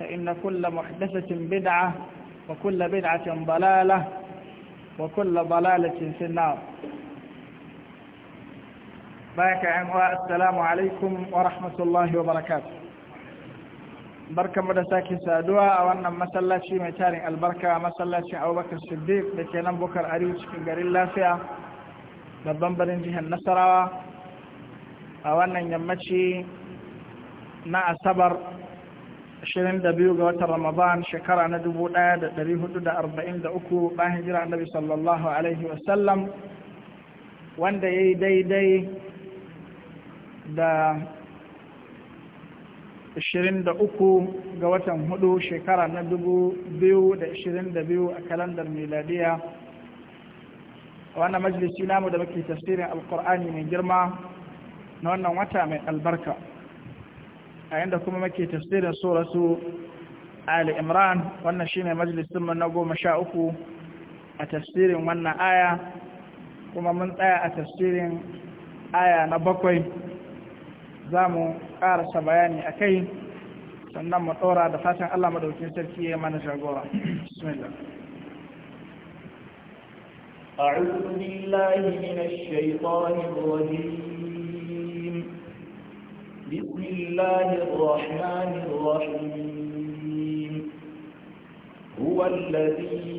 فإن كل محدثة بدعة وكل بدعة ضلالة وكل ضلالة في النار بارك عمواء السلام عليكم ورحمة الله وبركاته بركة مدساك سادوا وانا مسلا شي ميتارين البركة مسلا شي أو بكر الصديق لكي نبكر أريج في قريل لافيا ببنبرين جهة النصر وانا يمتشي na asabar Ashirin da biyu ga watan Ramadan shekara na dubu ɗaya da da da ɗari arba'in uku, bayan hijira Annabi sallallahu alaihi wasallam wanda ya yi daidai da ashirin da uku ga watan hudu shekara na dubu biyu da da ashirin biyu a kalandar miladiya wannan majalisi namu da muke tasirin alkur'ani mai girma na wannan wata mai albarka a yanda kuma muke tafsirin suratu Ali Imran wannan shine majalisin na goma sha uku a tafsirin wannan aya kuma mun tsaya a tafsirin aya na bakwai zamu mu ƙarasa bayani akai sannan mu ɗora da fatan Allah madaukin sarki ya mana shagora Bismillah. أعوذ بالله من الشيطان الرجيم بسم الله الرحمن الرحيم هو الذي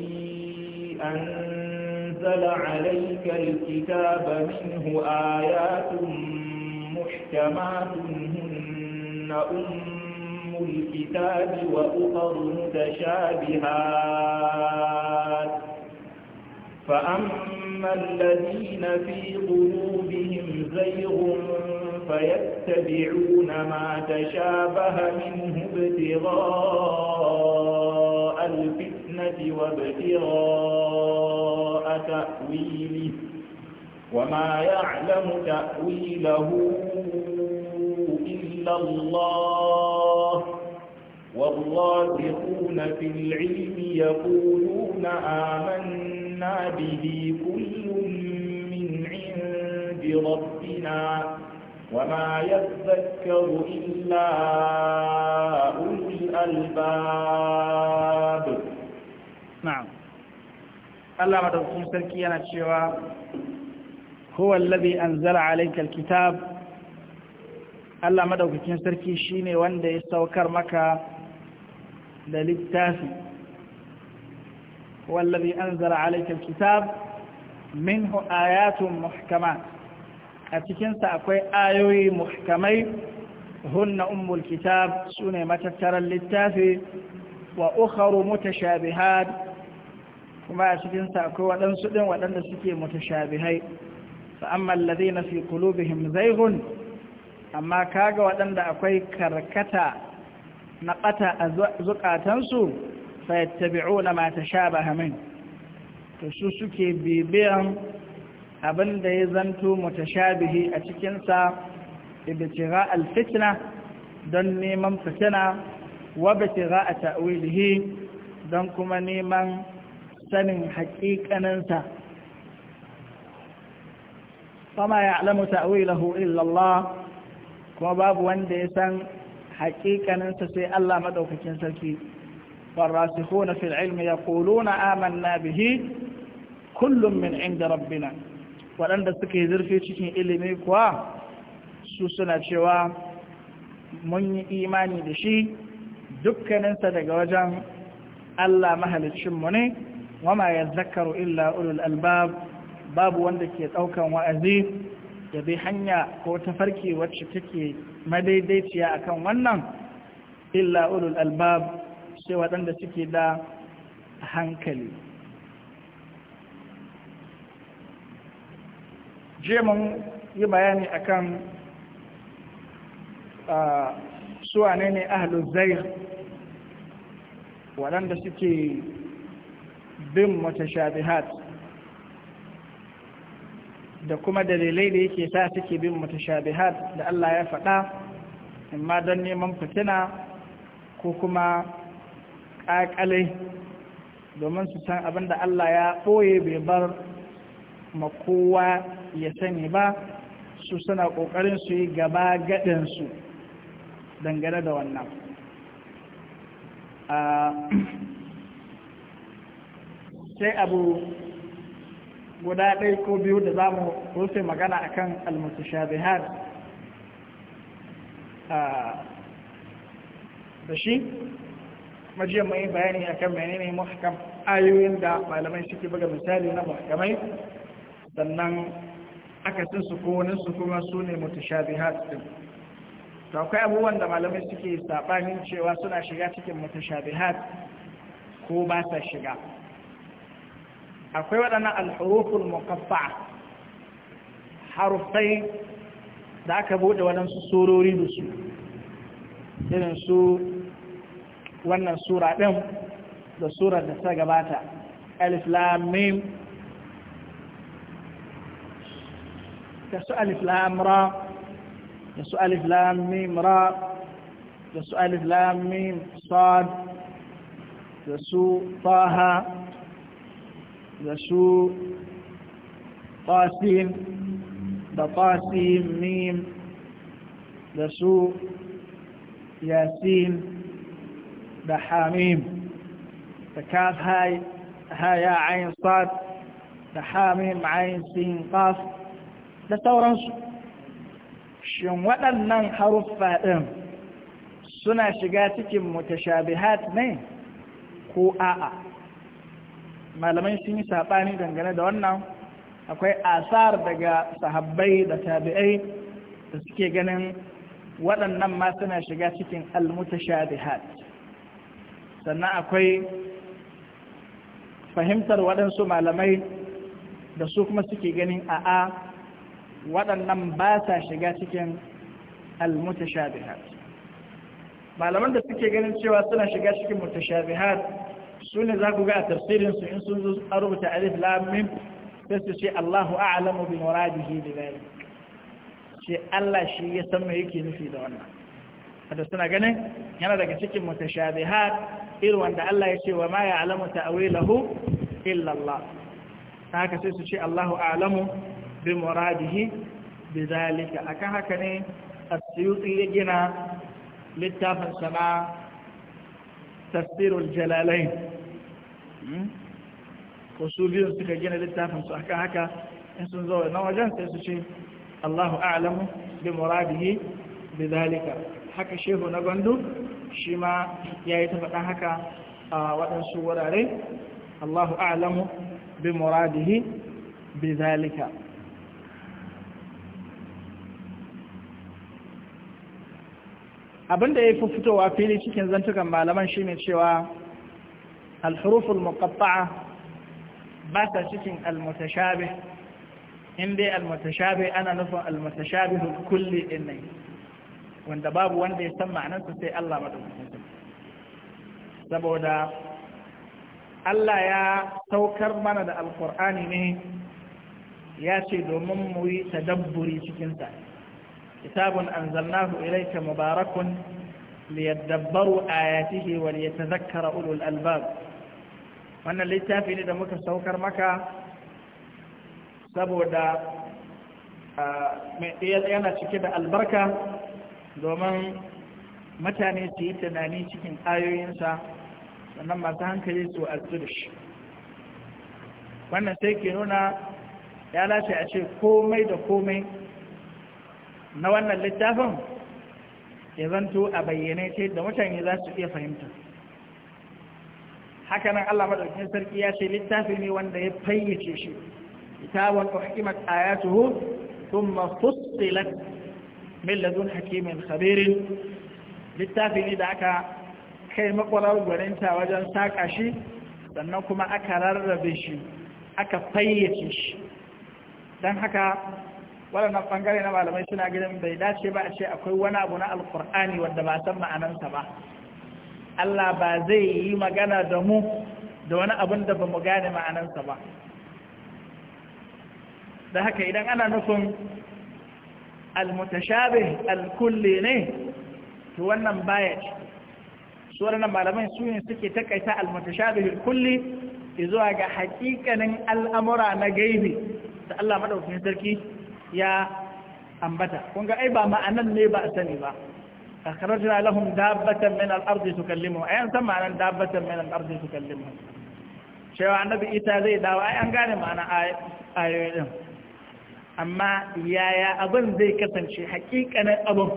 أنزل عليك الكتاب منه آيات محكمات هن أم الكتاب وأخر متشابهات فأما الذين في قلوبهم زيغ فيتبعون ما تشابه منه ابتغاء الفتنة وابتغاء تأويله وما يعلم تأويله إلا الله والراسخون في العلم يقولون آمنا به كل من عند ربنا وما يذكر إلا أولي الألباب نعم الله مدرسون سلكي أنا تشيوا هو الذي أنزل عليك الكتاب الله مدرسون سلكي شيني واندي يستوكر مكا للتافي هو الذي أنزل عليك الكتاب منه آيات محكمات a cikinsa akwai ayoyi muhkamai hunna ummul kitab sune matattarar littafi wa ukharu mutashabihat kuma a cikinsa akwai waɗansu ɗin waɗanda suke mutashabihai fa amma alladhina fi qulubihim zayghun amma kaga waɗanda akwai karkata na ƙata a zukatansu fa yattabi'una ma tashabaha min to su suke bibiyan abin da ya zanto mutashabihi a cikinsa ibtira alfitna don neman fitina wa bitira a ta'wilihi don kuma neman sanin haƙiƙaninsa fama ya alamu ta'wilahu illallah kuma babu wanda ya san haƙiƙaninsa sai Allah maɗaukakin sarki والراسخون في العلم يقولون آمنا به كل من عند ربنا waɗanda suka yi zurfi cikin ilimi kuwa su suna cewa mun yi imani da shi dukkaninsa daga wajen Allah mahalicinmu ne wama ya zakaru illa ulul albab babu wanda ke ɗaukan wa'azi da bi hanya ko tafarki wacce take madaidaiciya a kan wannan illa ulul albab sai waɗanda suke da hankali je mun yi bayani akan su wane ne ahlul waɗanda suke bin matashabihat da kuma dalilai da yake sa suke bin matashabihat da Allah ya faɗa amma don neman fitina ko kuma ƙaƙalai domin su san abin da Allah ya ɓoye bai bar Kuma kowa ya sani ba su suna ƙoƙarin su yi gaba gaɗinsu dangane da wannan sai abu guda ɗai ko biyu da za mu rufe magana a kan almutashabihar da shi majiya mai bayani akan menene muhkam ayoyin da malamai suke buga misali na muhkamai sannan sun su ko wani su kuma su ne mutashabihat din to akwai abubuwan da malamai suke sabanin cewa suna shiga cikin mutashabihat ko ba sa shiga akwai waɗannan alhuruful mukaffa harufai da aka bude waɗansu surori da su irin su wannan sura ɗin da surar da ta gabata alif lam يسو ألف لام را يسو ألف لام ميم را يسو ألف لام ميم صاد يسو طه يسو طاسين بطاسين ميم يسو ياسين بحاميم فكاف هاي هاي عين صاد بحاميم عين سين قاف da sauransu shin waɗannan haruffa ɗin suna shiga cikin mutashabihat ne ko a'a malamai sun yi saɓani dangane da wannan akwai asar daga sahabbai da tabi'ai da suke ganin waɗannan ma suna shiga cikin almutashabihat sannan akwai fahimtar waɗansu malamai da su kuma suke ganin a'a waɗannan ba sa shiga cikin al-mutashabihat malaman da suke ganin cewa suna shiga cikin mutashabihat su ne za ku ga a tafsirin su in sun zo a rubuta alif lam mim sai su ce Allahu a'lamu bi muradihi bi dhalik ce Allah shi ya san me yake nufi da wannan kada suna ganin yana daga cikin mutashabihat irin wanda Allah ya ce wa ma ya'lamu ta'wilahu illa Allah haka sai su ce Allahu a'lamu bi muradihi bi zalika akan haka ne asyuti ya gina littafin sana tafsirul jalalain wasu hmm? biyun suka gina littafin su akan haka in sun zo na wajen sai su ce Allahu a'lamu bi muradihi bi zalika haka shehu na gandu shi ma yayi ta haka a waɗansu wurare Allahu a'lamu bi muradihi bi zalika abinda ya fi fitowa fili cikin zantukan malaman shine cewa alhuruful muqatta'a ba ta cikin almutashabih in dai almutashabih ana nufin almutashabihul kulli din wanda babu wanda ya san ma'anarsa sai Allah madaukakin saboda Allah ya saukar mana da alkur'ani ne ya ce domin mu yi tadabburi cikinsa kitabun anzalnahu ilayka mubarakun liyadabbaru ayatihi wa liyatadhakkara ulul albab wannan littafi ne da muka saukar maka saboda yana cike da albarka domin mutane su yi tunani cikin ayoyinsa sannan masu hankali su a shi wannan sai ke nuna ya lace a ce komai da komai na wannan littafin ya zanto a bayyane ce da mutane za su iya fahimta Haka nan, Allah madaukakin sarki ya ce littafi ne wanda ya fayyace shi kitabun uhkimat ayatuhu thumma fussilat min ladun hakimin khabir littafi ne da aka kai makwarar gwaninta wajen saka shi sannan kuma aka rarrabe shi aka fayyace shi don haka waɗannan ɓangare na malamai suna gidan bai dace ba a ce akwai wani abu na alkur'ani wadda ba san ma'anansa ba Allah ba zai yi magana da mu da wani abin da ba mu gane ma'anansa ba da haka idan ana nufin almutashabih alkulli ne to wannan baya ce su waɗannan malamai su ne suke takaita almutashabih alkulli zuwa ga hakikanin al'amura na gaibi da Allah madaukakin sarki ya ambata kun ga ai ba ma'anan ne ba a sani ba akhrajna lahum dabbatan min al-ardi tukallimu ai an ma'anan dabbatan min al-ardi tukallimu cewa annabi ita zai dawo ai an gane ma'ana ayoyin amma yaya abin zai kasance hakikanin abin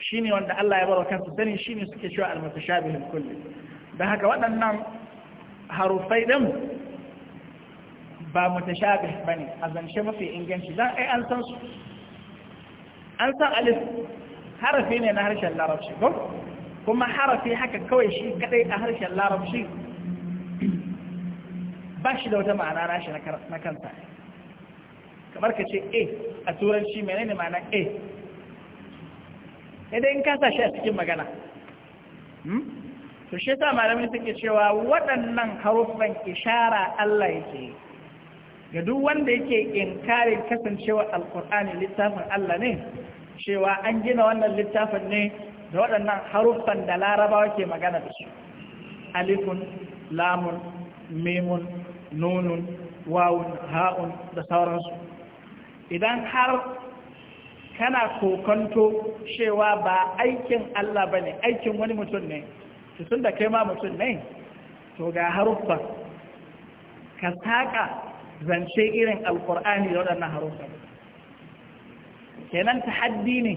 shine wanda Allah ya barwa kansu sani shine suke cewa al shabihin kulli da haka waɗannan harufai din ba mutashabih bane a zance mafi inganci dan ai an san su an san alif harafi ne na harshen larabci ko kuma harafi haka kawai shi kadai a harshen larabci ba shi da wata ma'ana nashi na kansa kamar ka ce a a turanci menene ma'ana a idan ka sa shi a cikin magana hmm? to shi ta malamin suke cewa waɗannan haruffan ishara Allah yake yi ga duk wanda yake inkarin kasancewar alkur'ani littafin Allah ne cewa an gina wannan littafin ne da waɗannan haruffan da larabawa ke magana da su alifun lamun memun, nunun wawun ha'un da sauransu idan har kana kokonto cewa ba aikin Allah ba ne aikin wani mutum ne to da kai ma mutum ne to ga haruffa ka saƙa zance irin alkur'ani da waɗannan harufa kenan tahaddi ne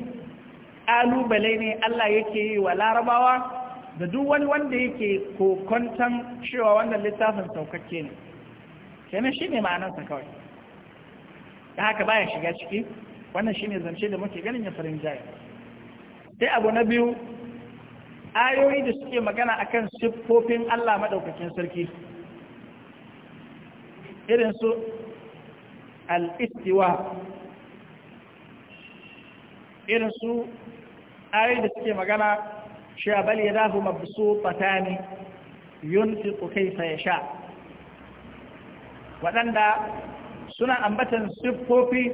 ƙalubale ne Allah yake yi wa larabawa da duk wani wanda yake kokontan cewa wannan littafin saukakke ne kenan shi ne ma'anarsa kawai da haka baya shiga ciki wannan shi ne zance da muke ganin ya farin jaya sai abu na biyu ayoyi da suke magana akan siffofin Allah maɗaukakin sarki irin su al'istiwa irin su ayi da suke magana shabal ya dafu mabusu fatani yunfi sa ya sha waɗanda suna ambatan siffofi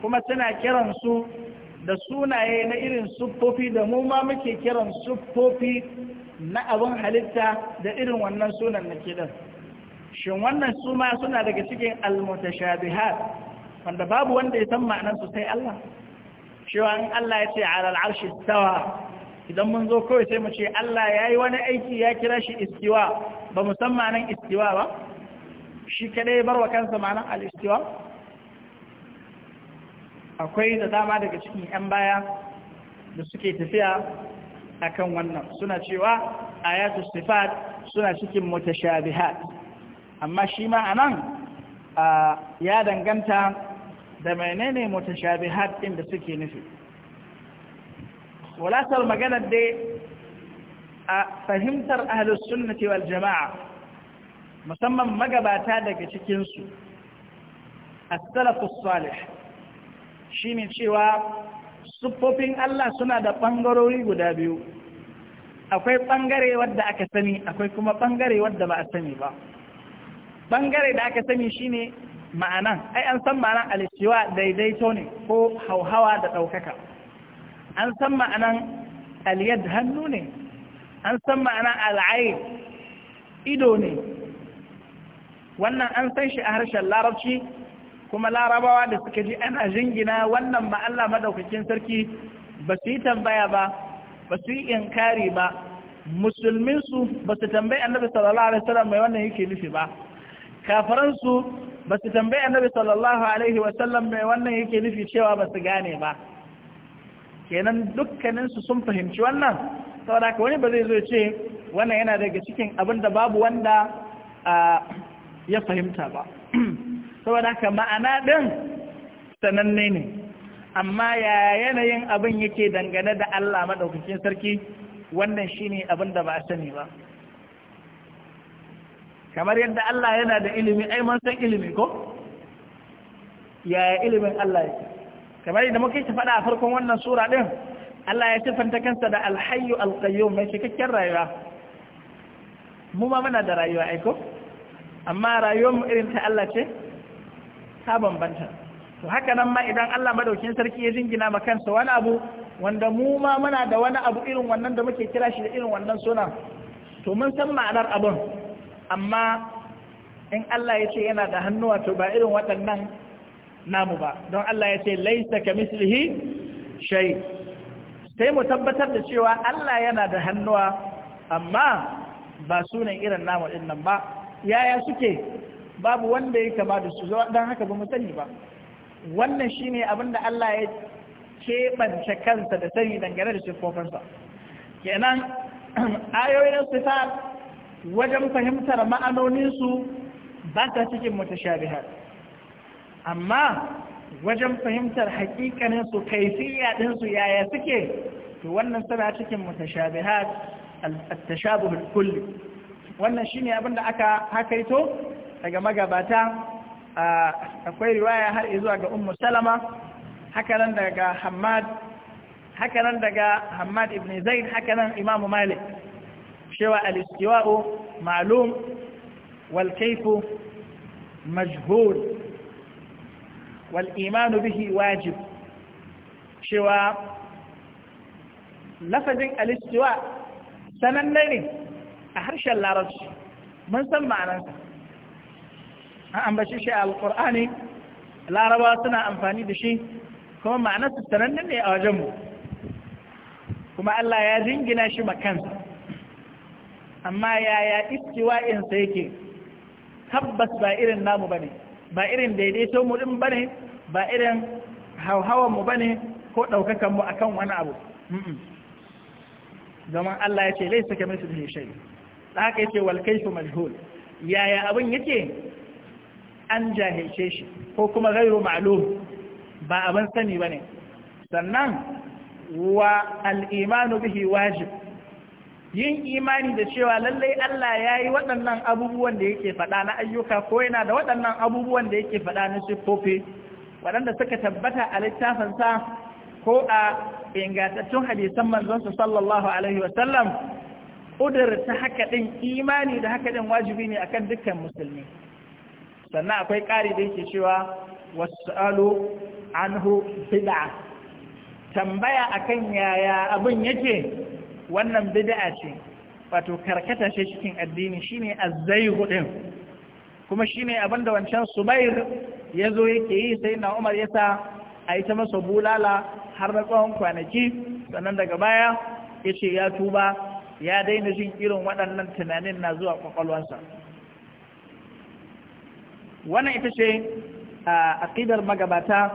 kuma suna kiransu da sunaye na irin siffofi da mu ma muke kiran siffofi na abin halitta da irin wannan sunan na kidan. shin wannan su ma suna daga cikin al-mutashabihat wanda babu wanda ya san ma'anar su sai Allah cewa in Allah ya ce ala arshi tawa idan mun zo kawai sai mu ce Allah yayi wani aiki ya kira shi istiwa ba mu san ma'anar istiwa ba shi kadai bar wa kansa ma'anar al-istiwa akwai da dama daga cikin yan baya da suke tafiya akan wannan suna cewa ayatul sifat suna cikin mutashabihat amma shi ma a nan ya danganta da menene mutashabihat ɗin da suke nufi walatar maganar dai a fahimtar ahalus sunnati wal jama'a musamman magabata daga cikinsu as-salafus salih ne cewa siffofin Allah suna da ɓangarori guda biyu akwai ɓangare wadda aka sani akwai kuma ɓangare wadda ba a sani ba bangare da aka sani shine ma'anan ai an san ma'anan alistiwa daidaito ne ko hauhawa da ɗaukaka an san ma'anan aliyad hannu ne an san ma'anan al'ayi ido ne wannan an san shi a harshen larabci kuma larabawa da suka ji ana jingina wannan ma'alla madaukakin sarki ba su yi tambaya ba ba su yi inkari ba musulminsu ba su tambayi annabi sallallahu alaihi wasallam mai wannan yake nufi ba kafaransu ba su tambayi annabi sallallahu alaihi wasallam mai wannan yake nufi cewa ba su gane ba kenan dukkaninsu sun fahimci wannan saboda ka wani ba zai zo ce wannan yana daga cikin abin da babu wanda ya fahimta ba saboda ka ma'ana ɗin sananne ne amma ya yanayin abin yake dangane da Allah maɗaukakin sarki wannan shine abin da ba a sani ba kamar yadda Allah yana da ilimi ai man san ilimi ko yaya ilimin Allah yake kamar yadda muka yi fada a farkon wannan sura din Allah ya tafanta kansa da alhayyu alqayyum mai cikakken rayuwa mu ma muna da rayuwa ai ko amma rayuwar mu irin ta Allah ce ta bambanta to haka nan ma idan Allah madaukin sarki ya jingina ma kansa wani abu wanda mu ma muna da wani abu irin wannan da muke kira shi da irin wannan sunan to mun san ma'anar abun amma in Allah ya ce yana da hannuwa to ba irin waɗannan namu ba don Allah ya ce laisa ka mislihi shay sai mu tabbatar da cewa Allah yana da hannuwa amma ba sunan irin namu din nan ba yaya suke babu wanda ya kama da su don haka ba mu sani ba wannan shine abin da Allah ya keɓance kansa da sani dangane da shi kofarsa kenan ayoyin sifat wajen fahimtar ma'anoninsu ba ta cikin mutashabihat amma wajen fahimtar hakikanin su ɗinsu yaya suke to wannan suna cikin mutashabihat at-tashabuh kulli wannan shine abin da aka hakaito daga magabata akwai riwaya har zuwa ga ummu salama hakanan daga hammad hakanan daga hammad ibn zaid hakanan imamu malik cewa alistiwa'u ma'lum wal kaifu majhul wal imanu bihi wajib cewa lafazin alistiwa sananne ne a harshen larabci mun san ma'anarsa an ambaci shi a alƙur'ani laraba suna amfani da shi kuma ma'anarsa sananne ne a wajenmu kuma Allah ya jingina shi makansa amma yaya sai yake tabbas ba irin namu bane ba irin daidaito mu din bane ba irin hauhawan mu bane ko daukakan mu akan wani abu domin Allah ya ce laisa ne shayi, da haka yace wal kayfu majhul yaya abin yake an jahilce shi ko kuma ghairu ma'lum ba abin sani bane sannan wa al-imanu bihi wajib yin imani da cewa lallai Allah ya yi waɗannan abubuwan da yake faɗa na ayyuka ko yana da waɗannan abubuwan da yake faɗa na siffofi waɗanda suka tabbata a littafinsa ko a ingantattun hadisan manzonsa sallallahu alaihi wasallam ta haka ɗin imani da haka ɗin wajibi ne akan dukkan musulmi sannan akwai ƙari da yake cewa wasu anhu bid'a tambaya akan yaya abin yake wannan bid'a ce wato karkata ce cikin addini shine azzaihu din kuma shine abinda wancan Subair yazo yake yi sai na Umar ya sa a yi masa bulala har na tsawon kwanaki sannan daga baya yace ya tuba ya daina jin irin waɗannan tunanin na zuwa kwakwalwansa wannan ita ce a aƙidar magabata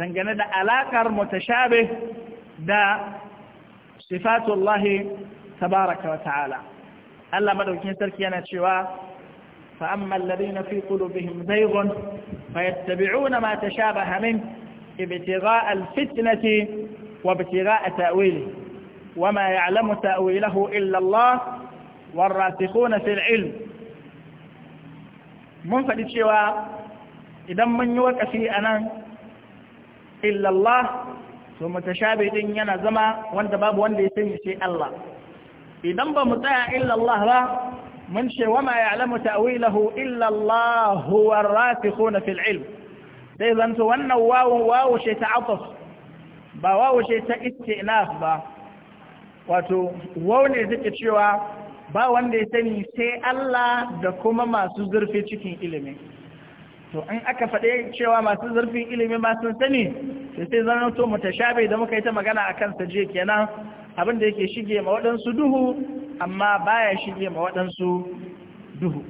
dangane da alaƙar mutashabih da صفات الله تبارك وتعالى ألا مدوكين سركيانا شواء فأما الذين في قلوبهم زيغ فيتبعون ما تشابه منه ابتغاء الفتنة وابتغاء تأويله وما يعلم تأويله إلا الله والراسخون في العلم منفد شواء إذا من يوقف أنا إلا الله so mutashabi din yana zama wanda babu wanda ya sani sai Allah idan ba mu tsaya illa Allah ba mun ce wa ma ya'lamu ta'wilahu illa Allah huwa ar-rasikhuna fil ilm zan zanto wannan wawu wawu ta ba wawu ta istinaf ba wato wawu ne take cewa ba wanda ya sani sai Allah da kuma masu zurfi cikin ilimi to an aka faɗe cewa masu zurfin ilimi ma sun sani sai sai zan to mutashabe da muka yi ta magana a kansa jiya kenan abin da yake shige ma waɗansu duhu amma baya shige ma waɗansu duhu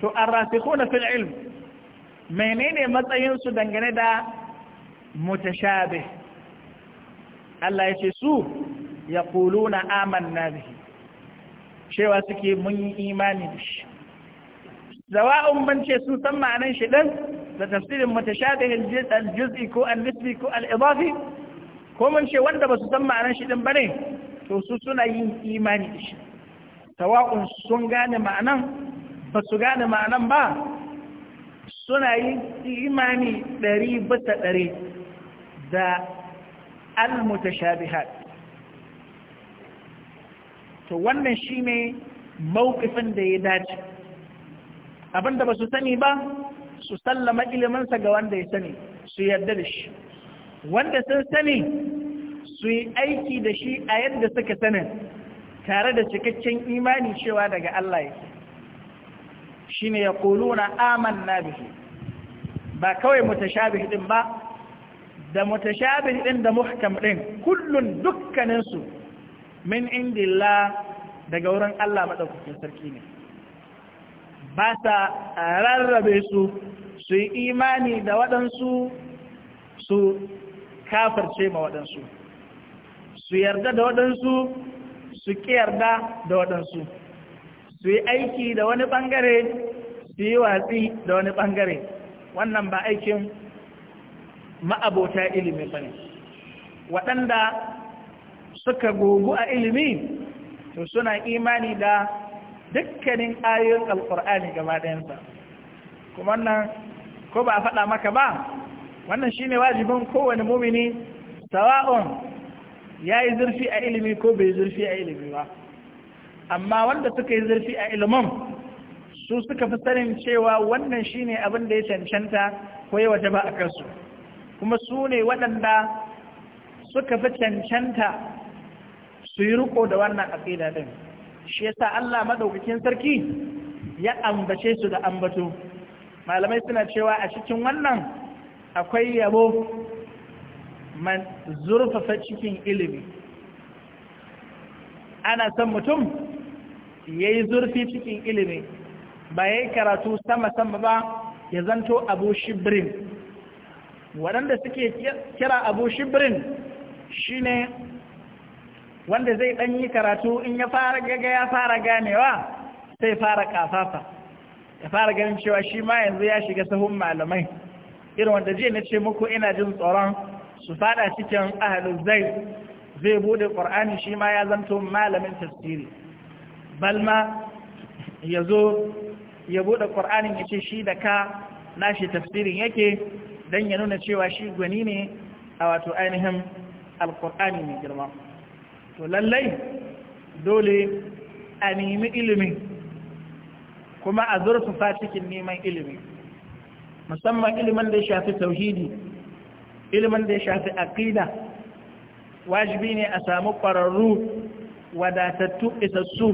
to an rasiko na fil ilm menene matsayinsu dangane da mutashabe Allah ya ce su ya aman amanna bihi cewa suke mun yi imani da shi zawa'un ban ce su san ma'anan shi ɗin da tafsirin mutashabihin al-juz'i ko al-nisbi ko al ko mun ce wanda ba su san ma'anan shi ɗin ne? to su suna yin imani da shi tawa'un sun gane ma'anan ba su gane ma'anan ba suna yin imani ɗari bisa ɗari da al-mutashabihat to wannan shine mawqifin da ya dace abinda ba su sani ba su sallama iliminsa ga wanda ya sani su yarda da shi wanda sun sani su yi aiki da shi a yadda suka sanin tare da cikakken imani cewa daga Allah ya shi ne ya kuluna aman na bihi ba kawai mutashabih din ba da mutashabih din da muhkam din kullun dukkaninsu min indillah daga wurin Allah maɗaukakin sarki ne ba sa rarrabe su su yi imani da waɗansu su kafarce ma waɗansu su yarda da waɗansu su ƙi yarda da waɗansu su yi aiki da wani ɓangare su yi watsi da wani ɓangare wannan ba aikin ma'abota ilimi ba ne waɗanda suka gugu a ilimi to suna imani da dukkanin ayoyin alkur'ani gaba ɗayansa kuma nan ko ba a faɗa maka ba wannan shine wajibin kowane mumini sawa'un ya yi zurfi a ilimi ko bai zurfi a ilimi ba amma wanda suka yi zurfi a ilimin su suka fi sanin cewa wannan shine abin da ya cancanta ko ya waje ba a kansu kuma su ne waɗanda suka fi cancanta su yi riko da wannan aƙida din shi yasa Allah madaukakin sarki ya ambace su da ambato malamai suna cewa a cikin wannan akwai yabo man zurfafa cikin ilimi ana son mutum ya yi zurfi cikin ilimi ba ya yi karatu sama-sama ba ya zanto abu shibirin waɗanda suke kira abu shibirin shine wanda zai ɗan yi karatu in ya fara gaga ya fara ganewa sai fara kafafa ya fara ganin cewa shi ma yanzu ya shiga sahun malamai irin wanda jiya na ce muku ina jin tsoron su fada cikin ahalin zai zai bude ƙwar'ani shi ma ya zanto malamin tafsiri balma ya zo ya bude ƙwar'anin ya ce shi da ka nashi tafsirin yake don ya nuna cewa shi gwani ne a wato ainihin alƙwar'ani mai girma to lallai dole a nemi ilimin kuma a zurfafa cikin neman ilimi musamman ilimin da ya shafi tauhidi ilimin da ya shafi aqida wajibi ne a samu ƙwararru wadatattu isassu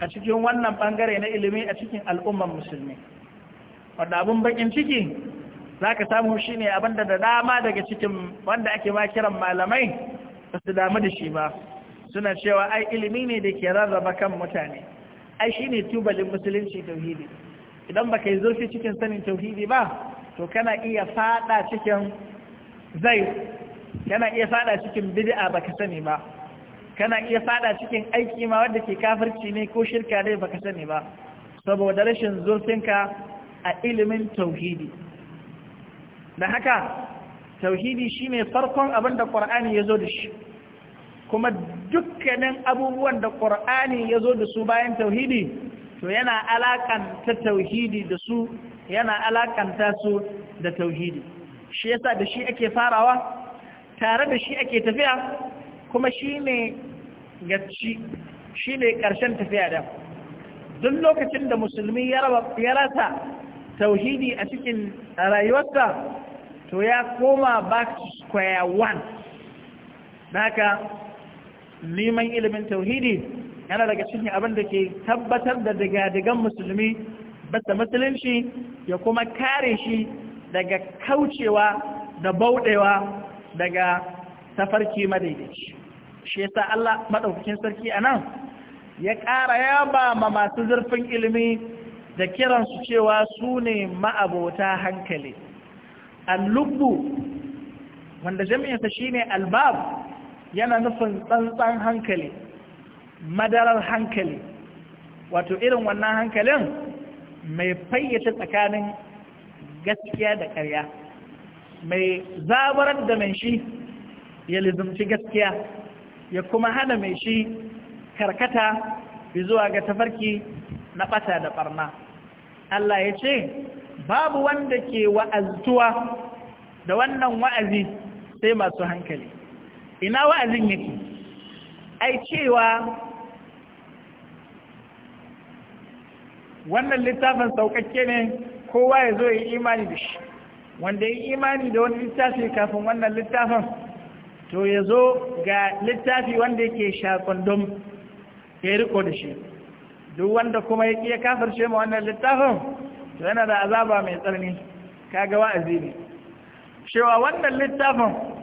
a cikin wannan bangare na ilimi a cikin al'umman musulmi wadda abin bakin ciki za ka samu shi ne abinda da dama daga cikin wanda ake ma kiran malamai ba su damu da shi ba suna cewa ai ilimi ne da ke rarraba kan mutane ai shi ne tubalin musulunci tauhidi idan baka yi zurfi cikin sanin tauhidi ba to kana iya fada cikin zai kana iya fada cikin bid'a baka sani ba kana iya fada cikin aiki ma wanda ke kafirci ne ko shirka ne baka sani ba saboda rashin zurfinka a ilimin tauhidi da haka tauhidi shine farkon abin da ya zo da shi kuma dukkanin abubuwan da ƙur'ani ya zo da su bayan tauhidi to yana alakanta tauhidi da su yana alakanta su da tauhidi shi yasa da shi ake farawa tare da shi ake tafiya kuma shi ne gaci shi ne ƙarshen tafiya da duk lokacin da musulmi ya rasa tauhidi a cikin rayuwarsa to ya koma back to square one haka neman ilimin tauhidi yana daga cikin abin da ke tabbatar da daga digan musulmi bata musulunci ya kuma kare shi daga kaucewa da bauɗewa daga tafarki madaidaici shi yasa Allah madaukakin sarki anan ya ƙara ya ba ma masu zurfin ilimi da kiransu cewa su ne ma'abota hankali al-lubbu wanda jami'insa shine albab yana nufin tsantsan hankali madarar hankali wato irin wannan hankalin mai fayyace tsakanin gaskiya da ƙarya mai zabarar da mai shi ya lizumci gaskiya ya kuma hana mai shi karkata zuwa ga tafarki na ɓata da ɓarna Allah ya ce babu wanda ke wa'aztuwa da wannan wa'azi sai masu hankali ina wa'azin yake ai cewa wannan littafin saukakke ne kowa ya zo ya yi imani da shi wanda ya imani da wani littafi kafin wannan littafin to ya zo ga littafi wanda yake shakundum ya riko da shi duk wanda kuma ya iya kafirce ma wannan littafin to yana da azaba mai tsarni kaga wa'azi ne cewa wannan littafin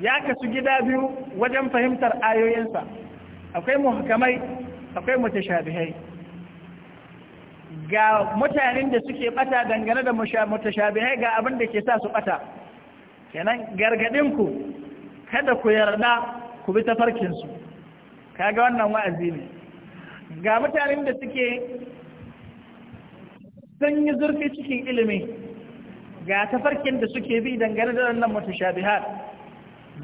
ya kasu gida biyu wajen fahimtar ayoyinsa akwai muhakamai akwai mutashabihai ga mutanen da suke bata dangane da mutashabihai ga abin da ke sa su bata kenan gargadin ku kada ku yarda ku bi tafarkin su kaga wannan wa'azi ne ga mutanen da suke sun yi zurfi cikin ilimi ga tafarkin da suke bi dangane da wannan mutashabihai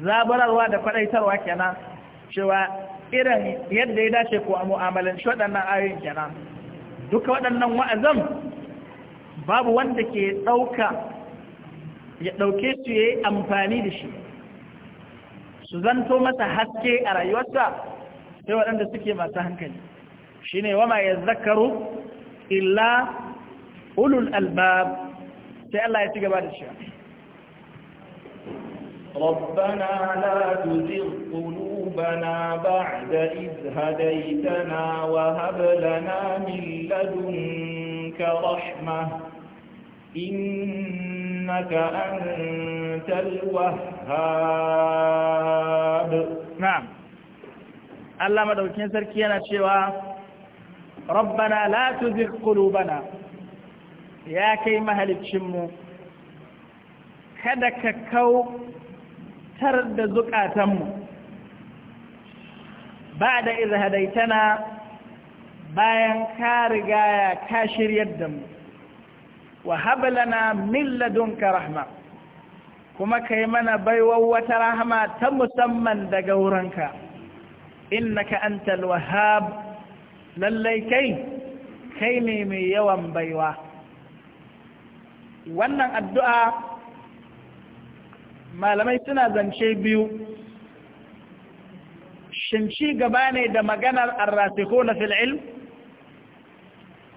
zabararwa da faɗaitarwa kenan cewa irin yadda ya dace ko a mu'amalanci waɗannan ayoyin kenan duka waɗannan wa'azan babu wanda ke ɗauka ya ɗauke su ya yi amfani da shi su zanto masa haske a rayuwarsa sai waɗanda suke masu hankali shi ne wama ya zakaru illa ulul albab sai Allah ya ci gaba da shi ربنا لا تزغ قلوبنا بعد إذ هديتنا وهب لنا من لدنك رحمة إنك أنت الوهاب نعم الله مدوكين سركينا شوا ربنا لا تزغ قلوبنا يا كي مهلك شمو كدك كو Tar da zukatanmu ba da izhadaitana bayan ka rigaya ka shiryar da mu wa hablana min ladunka rahma kuma kai mana baiwar wata rahama ta musamman daga wurinka innaka antal wahhab lallai kai kai ne mai yawan baiwa wannan addu'a malamai suna zance biyu shin ci gaba ne da maganar arrasiko na fil’il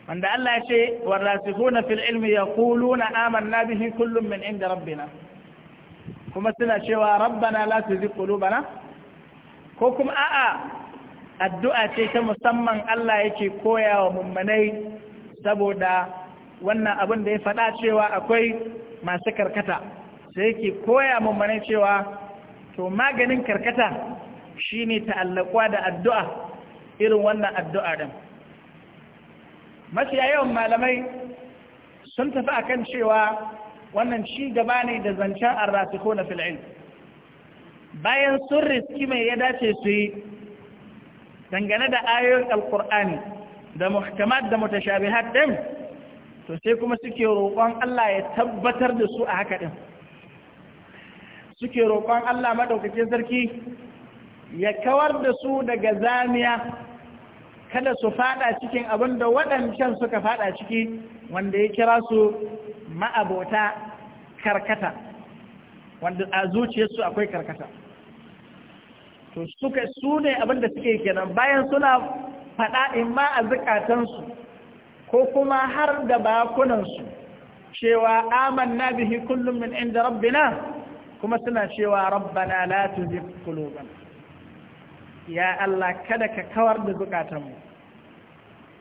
wanda Allah ya ce ya kulu na aman na bihi kullum min inda rabbina kuma suna cewa rabbana la tuzigh bana? ko kuma a'a addu'a ce ta musamman Allah yake koya wa mummanai saboda wannan abin da ya faɗa cewa akwai masu karkata sai ke koya mane cewa to maganin karkata shine ta'allakuwa da addu'a irin wannan addu'a din mafiya yawan malamai sun tafi akan cewa wannan ci gaba ne da zancen arrasiko na fil'il bayan sun riski mai ya dace su yi dangane da ayoyin alkur'ani da muhkamat da mutashabihat din to sai kuma suke roƙon Allah ya tabbatar da su a haka din suke roƙon Allah maɗaukakin sarki ya kawar da su daga zamiya kada su faɗa cikin abin da waɗancan suka fada ciki wanda ya kira su ma'abota karkata wanda a zuciyarsu akwai karkata to suka su ne abin da suke kenan bayan suna faɗa in ma a zukatansu ko kuma har da bakunansu cewa amanna bihi kullum min inda rabbina kuma suna cewa rabbana la tuzigh qulubana ya Allah kada ka kawar da zukatanmu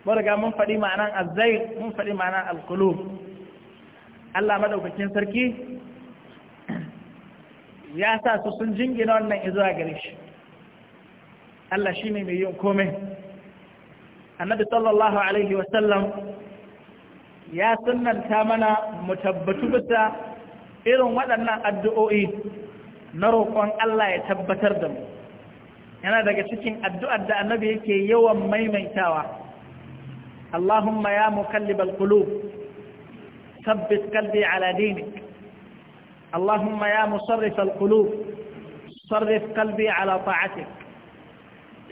mu riga mun faɗi ma'anan azzai mun faɗi ma'anan alqulub Allah madaukakin sarki ya sa su sun jingina wannan izuwa gare shi Allah shine mai yin komai annabi sallallahu alaihi wasallam ya sunnanta mana mu tabbatu bisa irin waɗannan addu'o'i na roƙon Allah ya tabbatar da mu yana daga cikin addu'ar da annabi yake yawan maimaitawa Allahumma ya mukallibal qulub thabbit qalbi ala dinik Allahumma ya musarrifal qulub sarrif qalbi ala ta'atik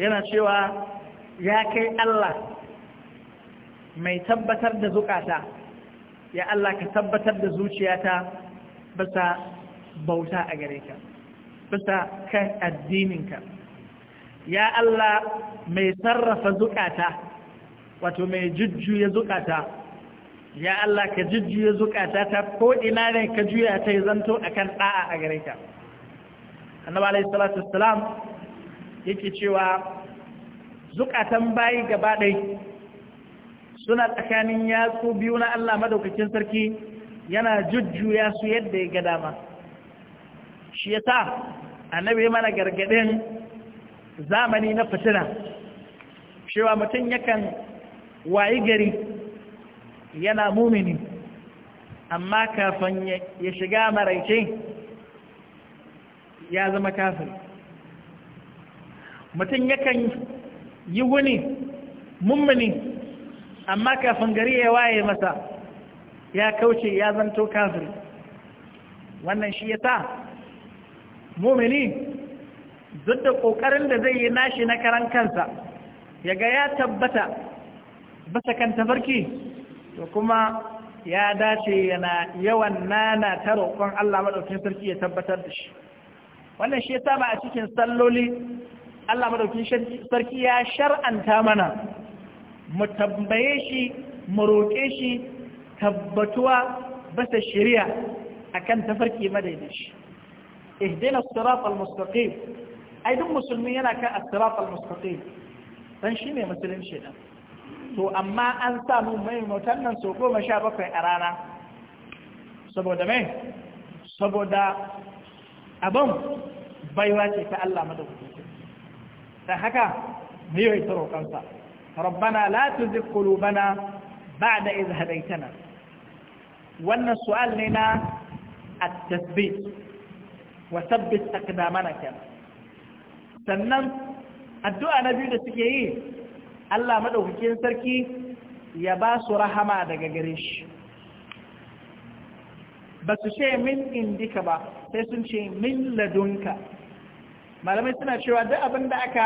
yana cewa ya kai Allah mai tabbatar da zukata ya Allah ka tabbatar da zuciyata bisa bauta a gare ka bisa kan addininka ya Allah mai sarrafa zukata wato mai jujjuya zukata ya Allah ka jujjuya zukata ta ko ina ne ka juya ta ya zanto akan da'a a gare ka annabi alayhi salatu wassalam yake cewa zukatan bayi gaba ɗaya suna tsakanin yatsu biyu na Allah madaukakin sarki yana jujjuya su yadda ya ga dama shi ya sa annabi mana gargaɗin zamani na fitina cewa mutum yakan wayi gari yana mumini amma kafin ya shiga maraice ya zama kafin mutum yakan yi wuni mummuni amma kafin gari ya waye masa ya kauce ya zanto kafiri wannan shi ya sa mumini duk da ƙoƙarin da zai yi nashi na karan kansa ya ga ya tabbata basa kan tafarki to kuma ya dace yana yawan nana ta roƙon Allah maɗaukin sarki ya tabbatar da shi wannan shi ya sa ba a cikin salloli Allah maɗaukin sarki ya shar'anta mana mu tambaye shi mu roƙe shi tabbatuwa basa shari'a akan tafarki madaidaici ihdina sirat al-mustaqim ai duk musulmi yana kan sirat al-mustaqim dan shine musulunci din to amma an samu mai motan nan so goma sha bakwai a rana saboda mai saboda abin baiwa ce ta Allah madaukakin da haka mu yi roƙonsa rabbana la tuzigh qulubana ba'da idh hadaytana wannan su'al ne na at-tasbih wa thabbit aqdamana sannan addu'a na biyu da suke yi Allah madaukakin sarki ya ba su rahama daga gare shi ba su ce min indika ba sai sun ce min ladunka malamai suna cewa duk abin da aka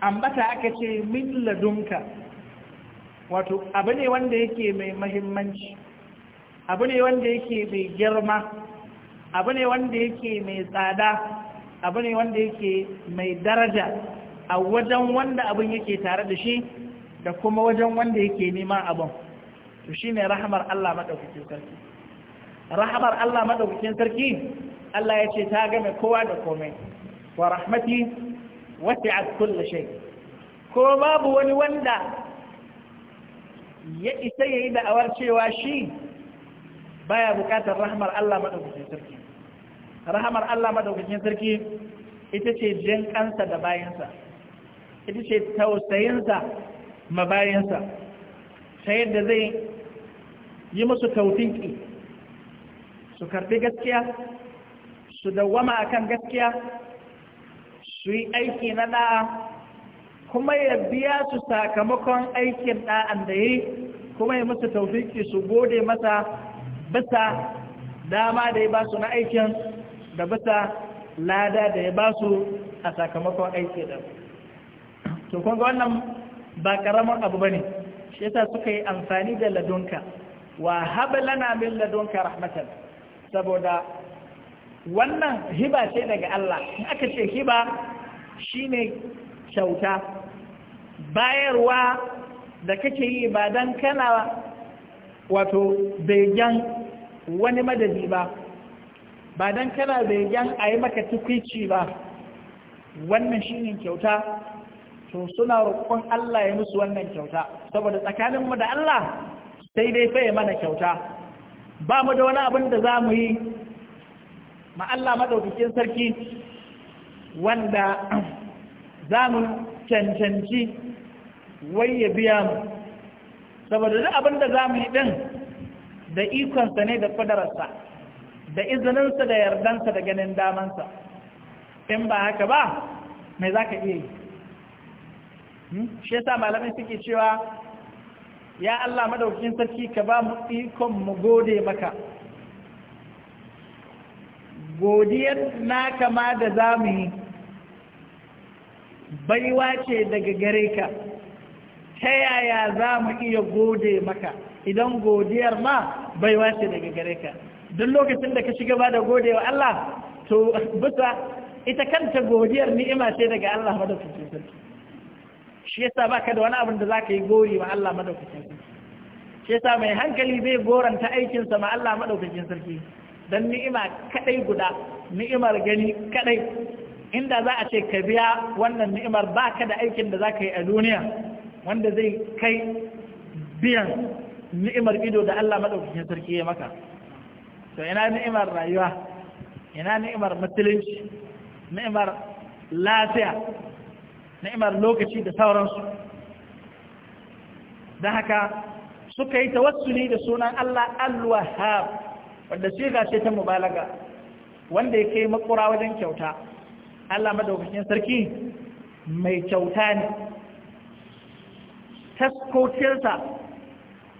ambata aka ce min ladunka wato abu ne wanda yake mai mahimmanci abu ne wanda yake mai girma abu ne wanda yake mai tsada abu ne wanda yake mai daraja a wajen wanda abin yake tare da shi da kuma wajen wanda yake neman abin to shi ne rahamar Allah maɗaukakin sarki rahamar Allah maɗaukakin sarki Allah ya ce ta game kowa da komai wa rahmati wata a kulle shai ko babu wani wanda ya isa ya yi da'awar cewa shi baya bukatar rahmar Allah madaukakin sarki rahmar Allah madaukakin sarki ita ce jin kansa da bayansa ita ce tausayinsa ma bayansa ta yadda zai yi musu tautinki su karbi gaskiya su dawwama akan gaskiya su yi aiki na da'a kuma ya biya su sakamakon aikin da'an da yi kuma ya musu taufiki su gode masa bisa dama da ya ba su na aikin da bisa lada da ya ba su a sakamakon aiki da to kun ga wannan ba karamin abu ba ne shi yasa suka yi amfani da ladunka wa hab lana min ladunka rahmatan saboda wannan hiba ce daga Allah in aka ce hiba shi ne kyauta bayarwa da kake yi ba dan kana wato begen wani madadi ba ba don kana begen a yi maka tukwici ba wannan ne kyauta to suna roƙon Allah ya musu wannan kyauta saboda tsakaninmu da Allah sai dai faye mana kyauta ba mu da wani abin da za mu yi ma Allah maɗaukakin sarki wanda za mu cancanci wai ya biya mu saboda duk abin da za mu yi ɗin da ikonsa ne da sa, da izininsa da yardansa da ganin damansa in ba haka ba mai za ka iya yi hmm? shi yasa malamin suke cewa ya Allah madaukin sarki ka ba mu ikon mu gode maka godiyar na kama da za mu yi baiwa ce daga gare ka ta yaya za mu iya gode maka idan godiyar ma bai wace daga gare ka duk lokacin da ka shiga ba da wa Allah to bisa ita kanta godiyar ni'ima ce daga Allah madaukakin sarki shi yasa baka da wani abin da zaka yi gori ma Allah madaukakin sarki shi yasa mai hankali zai goranta aikinsa ma Allah madaukakin sarki dan ni'ima kadai guda ni'imar gani kadai inda za a ce ka biya wannan ni'imar baka da aikin da zaka yi a duniya wanda zai kai biyan ni'imar ido da Allah madaukakin sarki ya maka to ina ni'imar rayuwa ina ni'imar musulunci ni'imar lafiya ni'imar lokaci da sauransu da haka suka yi tawassuli da sunan Allah al-wahhab wanda ga ce ta mubalaga wanda ya kai makura wajen kyauta Allah madaukakin sarki mai kyauta ne taskokinsa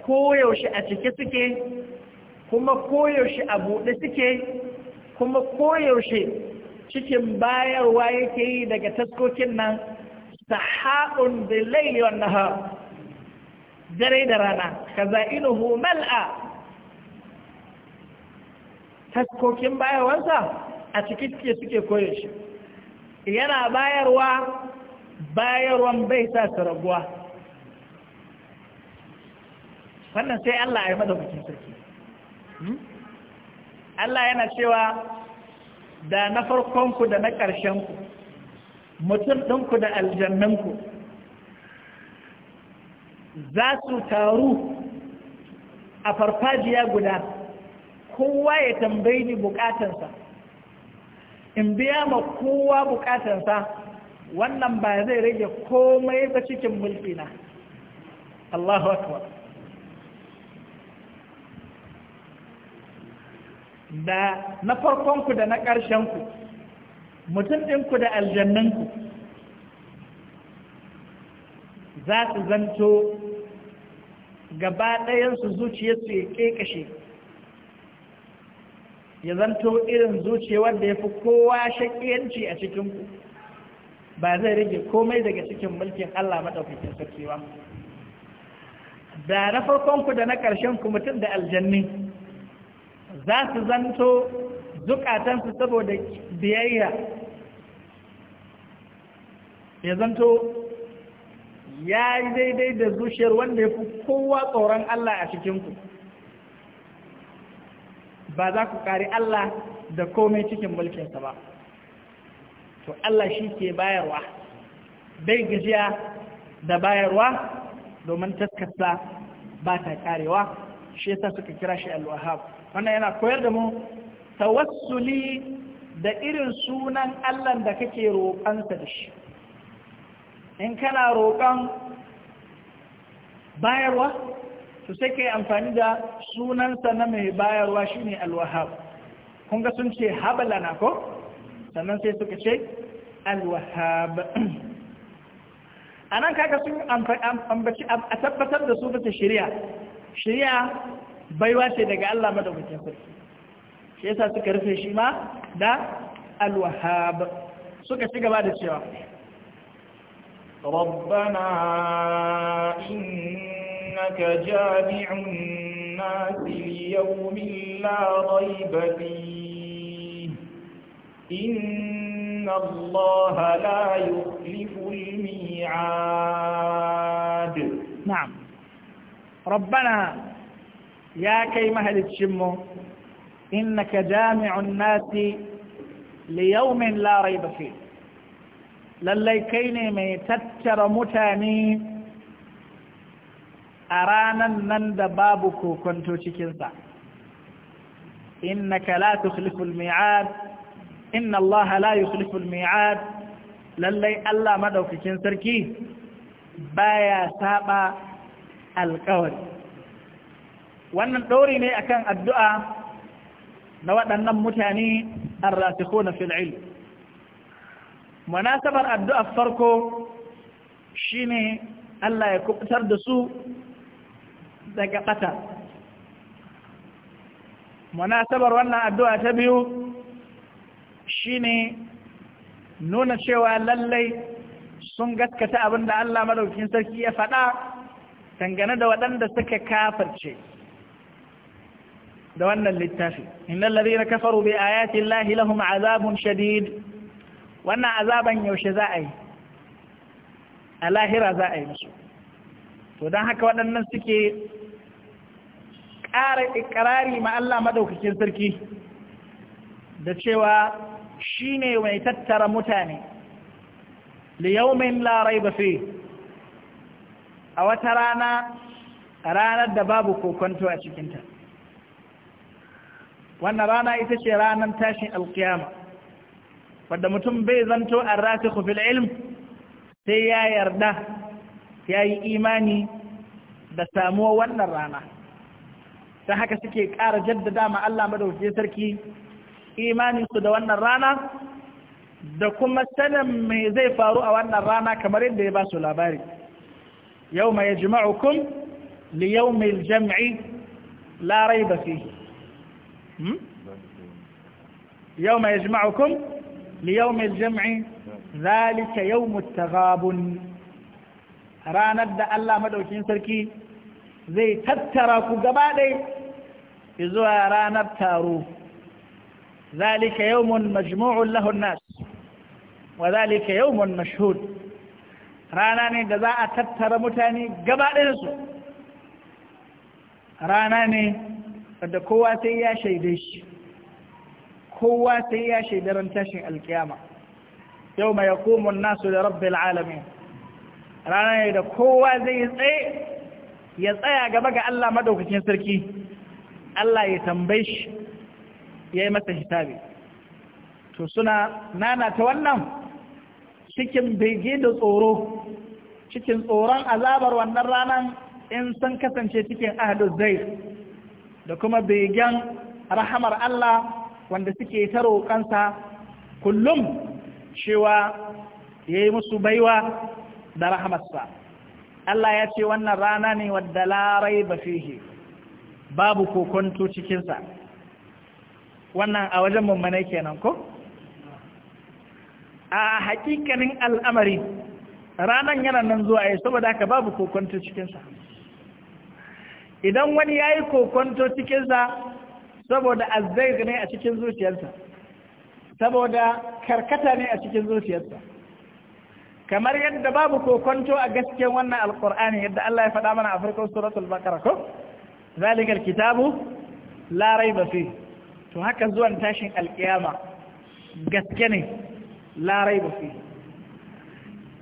koyaushe a cike suke kuma koyaushe a buɗe suke kuma koyaushe cikin bayarwa yake yi daga taskokin nan sahaɓun na nahar dare da rana ka za'inuhu a taskokin bayarwarsa a cikin suke koyaushe yana bayarwa bayarwan bai sa su raguwa wannan sai Allah ya mada mutum sarki hmm? Allah yana cewa da na farkonku da na ƙarshenku mutum ɗinku da aljannanku za su taru a farfajiya guda kowa ya tambayi ni bukatansa in biya ma kowa bukatansa wannan ba zai rage komai ba cikin mulkina Allahu akbar da na farkonku da na ƙarshenku mutum ɗinku da aljannanku za su zanto gaba ɗayansu su ya ƙeƙashe ya zanto irin zuciyar da ya fi kowa shaƙiyanci a cikinku ba zai rage komai daga cikin mulkin Allah maɗaukakin sarki ba da na farkonku da na ƙarshenku mutum da aljannin. za su zanto zukatansu saboda biyayya ya zanto ya yi daidai da zuciyar wanda ya fi kowa tsoron Allah a cikinku ba za ku kari Allah da komai cikin mulkinsa ba to Allah shi ke bayarwa bai gajiya da bayarwa domin taskasa ba ta karewa shi ya sa suka kira shi al wahab wannan yana koyar da mu tawassuli da irin sunan Allah da kake roƙonsa da shi in kana roƙon bayarwa su sai kai amfani da sunansa na mai bayarwa shine alwahab kun ga sun ce habalana ko sannan sai suka ce alwahab a nan kaga sun ambaci a tabbatar da su bisa shirya shirya baiwa ce daga Allah madaukakin sarki shi yasa suka rufe shi ma da alwahab suka ci gaba da cewa ربنا إنك جامع الناس ليوم لا ريب فيه إن الله لا يخلف الميعاد na'am ربنا ya kai mahalicinmu innaka jami'un nasi li yawmin la raiba fi lallai kai ne mai tattara mutane a ranan nan da babu kokonto cikinsa innaka la tukhlifu al-mi'ad inna Allah la yukhlifu al-mi'ad lallai Allah madaukakin sarki baya saba alƙawari wannan ɗori ne akan addu'a na waɗannan mutane an rasiko na fil'il munasabar addu'ar farko shi ne Allah ya kubutar da su daga ƙasa munasabar wannan addu'a ta biyu shi ne nuna cewa lallai sun gaskata abin da Allah madaukin sarki ya faɗa dangane da waɗanda suka kafarce. da wannan littafi innal ladina kafaru bi ayati llahi lahum azabun shadid wannan azaban yaushe za a yi a lahira za a yi musu to don haka waɗannan suke ƙara ikrari ma Allah madaukakin sarki da cewa shine mai tattara mutane liyaumin larai ba fi a wata rana ranar da babu kokonto a cikinta wannan rana ita ce ranar tashin alkiyama wadda mutum bai zanto a rasi kufil ilm sai ya yarda ya yi imani da samuwa wannan rana ta haka suke ƙara jaddada ma Allah madaukakin sarki imaninsu da wannan rana da kuma sanin mai zai faru a wannan rana kamar yadda ya ba su labari yau mai jima'ukun li yau mai jam'i larai ba fi يوم يجمعكم ليوم الجمع ذلك يوم التغاب رانب الله مدوكين سركي زي تترك قبالي يزوى رانب تارو ذلك يوم مجموع له الناس وذلك يوم مشهود رانان دزاء تتر متاني قبالي رسو رانان رانان wadda kowa sai ya shaida shi kowa sai ya shaida ran tashin alkiyama yau mai hukumun nasu da rabbil alamin ranar ne da kowa zai yi tsaye ya tsaya gaba ga Allah madaukakin sarki Allah ya tambaye shi ya yi masa hitabi to suna nana ta wannan cikin bege da tsoro cikin tsoron azabar wannan ranar in sun kasance cikin ahadu zai da kuma begen rahamar Allah wanda suke ta roƙansa kullum cewa ya yi musu baiwa da rahamarsa Allah ya ce wannan rana ne wadda larai ba fihe babu kokonto cikinsa wannan a wajen mummanai kenan ko? a hakikanin al'amari ranan yana nan zuwa ya saboda haka babu kokonto cikinsa idan wani ya yi kokonto cikinsa saboda azzaig ne a cikin zuciyarsa saboda karkata ne a cikin zuciyarsa kamar yadda babu kokonto a gaskiyar wannan alkur'ani yadda Allah ya faɗa mana a farkon suratul baqara ko zalikal kitabu la raiba fi to haka zuwan tashin alkiyama gaske ne la raiba fi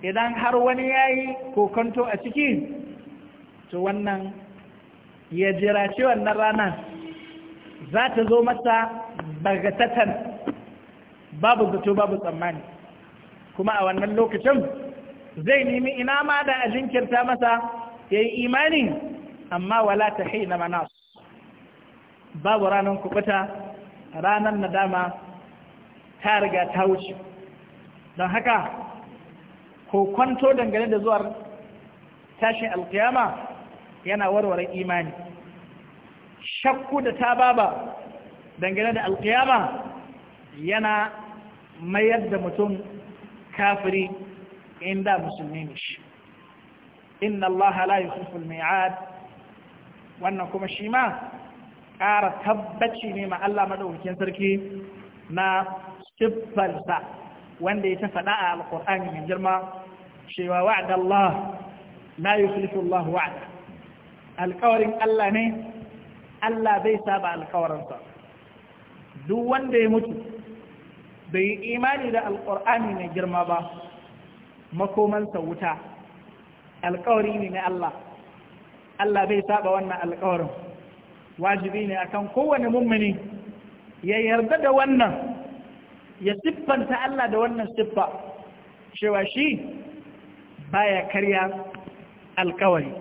idan har wani yayi kokonto a ciki to wannan ya jira shi wannan rana za ta zo masa bagatatan babu zato babu tsammani kuma a wannan lokacin zai nemi ina ma da a jinkirta masa ya yi imani amma wala ta na manasu. babu ranar kubuta ranar nadama ta riga ta wuce don haka ko kwanto dangane da zuwar tashin alkiyama yana warware imani shakku da tababa dangane da alkiyama yana mayar da mutum kafiri inda musulmi ne shi inna Allah la yuhibbul mi'ad wannan kuma shi ma ƙara tabbaci ne ma Allah madaukakin sarki na siffarsa wanda ya ta faɗa a alƙur'ani mai girma cewa wa'ada Allah la yukhlifu Allah wa'ada alkawarin Allah ne Allah zai saba alkawarinsa duk wanda ya mutu bai yi imani da alkur'ani mai girma ba makomansa wuta alkawari ne na Allah Allah bai saba wannan alkawarin wajibi ne akan kowane mummuni ya yarda da wannan ya siffanta Allah da wannan siffa cewa shi baya karya alkawari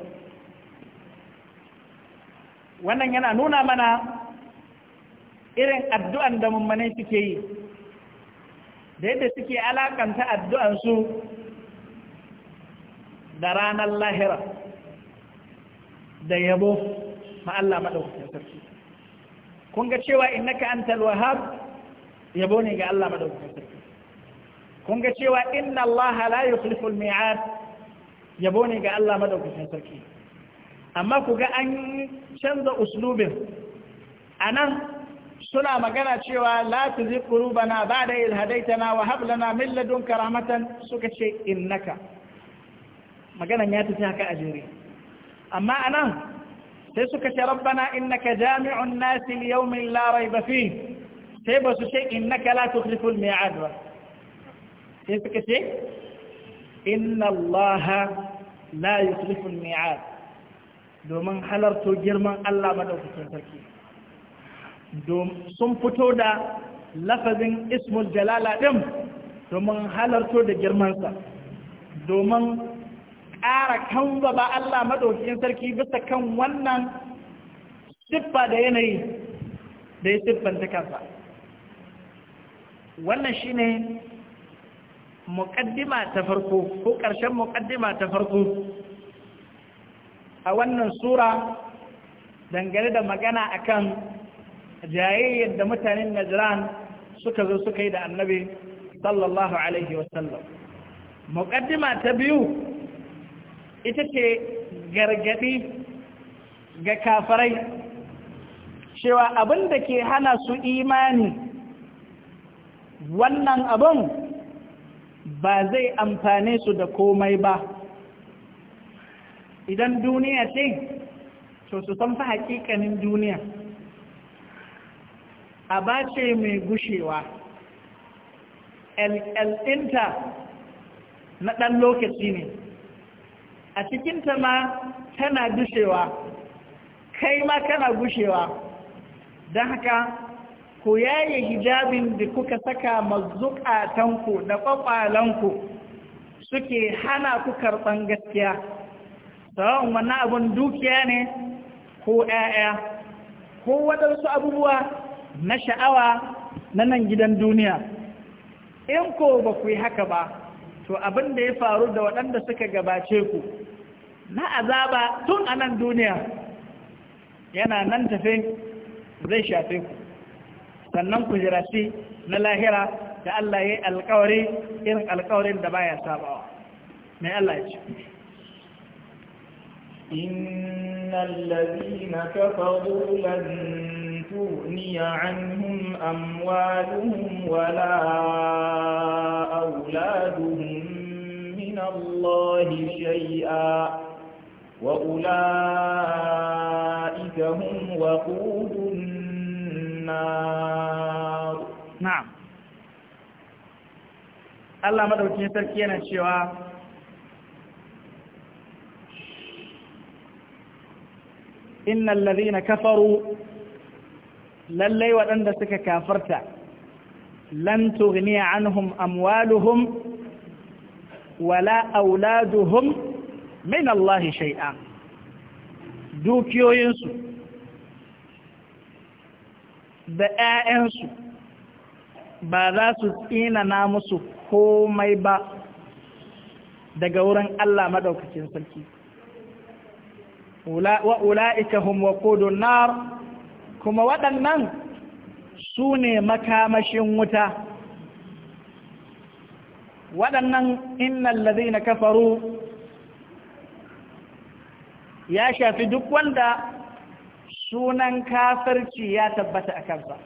wannan yana nuna mana irin addu'an da mummanai suke yi da yadda suke alakanta addu'ansu da ranar lahira da yabo ma'alla maɗaukacin sarki kun ga cewa innaka antal wahab yabo ne ga Allah maɗaukacin sarki kun ga cewa inna Allah la yukhliful mi'ad yabo ne ga Allah maɗaukacin sarki amma ku ga an canza uslubin a nan suna magana cewa la tuzigh ba ba'da idh hadaytana wa hab lana min ladunka rahmatan suka ce innaka maganan ya tafi haka a jere amma a nan sai suka ce rabbana innaka jami'un nasi li yawmin la rayba fihi sai ba su ce innaka la tukhliful mi'ad ba sai suka ce inna allaha la yukhliful mi'ad domin halarto girman Allah maɗaukacin sarki sun fito da lafazin ismul jalala ɗin domin halarto da girmansa domin ƙara kan ba Allah maɗaukacin sarki bisa kan wannan siffa da yanayi da ya siffanta kansa wannan shine ne muƙaddima ta farko ko ƙarshen muƙaddima ta farko a wannan sura dangane da magana akan jayayyar da mutanen najran suka zo suka yi da annabi sallallahu alaihi wasallam muƙaddima ta biyu ita ce gargaɗi ga kafarai cewa abin da ke hana su imani wannan abin ba zai amfane su da komai ba idan duniya ce to su san fa hakikanin duniya a bace mai gushewa ɗinta na ɗan lokaci ne a cikinta ma tana gushewa kai ma kana gushewa don haka ku yaye hijabin da kuka saka ku da ƙwaƙwalanku suke hana ku karɓan gaskiya sawan wannan abun dukiya ne ko ƴaƴa ko waɗansu abubuwa na sha'awa na nan gidan duniya in ko ba ku yi haka ba to abin da ya faru da waɗanda suka gabace ku na azaba tun a nan duniya yana nan tafe zai shafe ku sannan ku na lahira da Allah ya yi alkawari irin alkawarin da baya sabawa mai Allah ya ce إن الذين كفروا لن تغني عنهم أموالهم ولا أولادهم من الله شيئا وأولئك هم وقود النار نعم الله مدعو كنسر كينا شواء innal ladhina kafaru lallai waɗanda suka kafarta lan tughniya anhum amwaluhum wala auladuhum min Allah shai'a. dukiyoyinsu da 'ya'yansu ba za su tsinana musu komai ba daga wurin Allah maɗaukacin sarki wa ula'ika hum waqudun nar kuma waɗannan su ne makamashin wuta waɗannan innal na kafaru ya shafi duk wanda sunan kafirci ya tabbata a kansa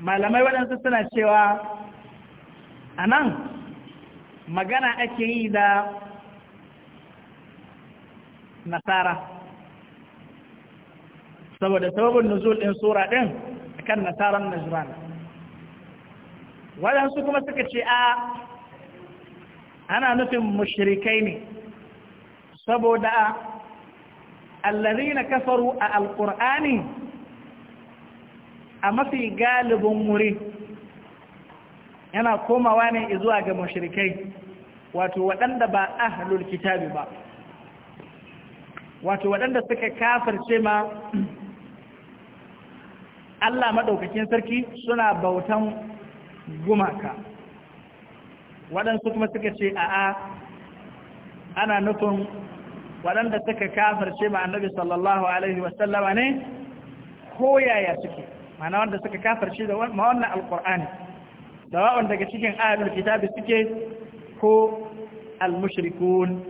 malamai waɗansu suna cewa a nan magana ake yi da nasara saboda sababin nuzul ɗin sura din kan nasaran najran waɗansu kuma suka ce a ana nufin mushrikai ne saboda na kafaru a alƙur'ani a mafi galibin wuri yana komawa ne zuwa ga mushrikai wato waɗanda ba ahlul kitabi ba wato waɗanda suka kafirce ma Allah maɗaukakin sarki suna bautan gumaka waɗansu kuma suka ce a'a ana nufin waɗanda suka kafirce ma annabi sallallahu alaihi wasallama ne ko yaya suke mana wanda suka kafirce da wannan alƙur'ani da wa'on daga cikin ayatul kitabi suke ko al-mushrikun